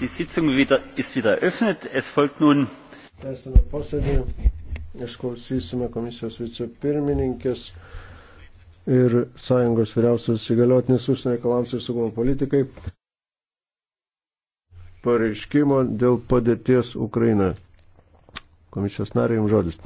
die sitzung ist wieder eröffnet. es folgt nun tęsiame posėdį išklausysime komisijos vicepirmininkės ir sąjungos vyriausios įgaliotinės užsienio reikalams ir saugumo politikai pareiškimo dėl padėties Ukrainoje. Komisijos nariai jums žodis.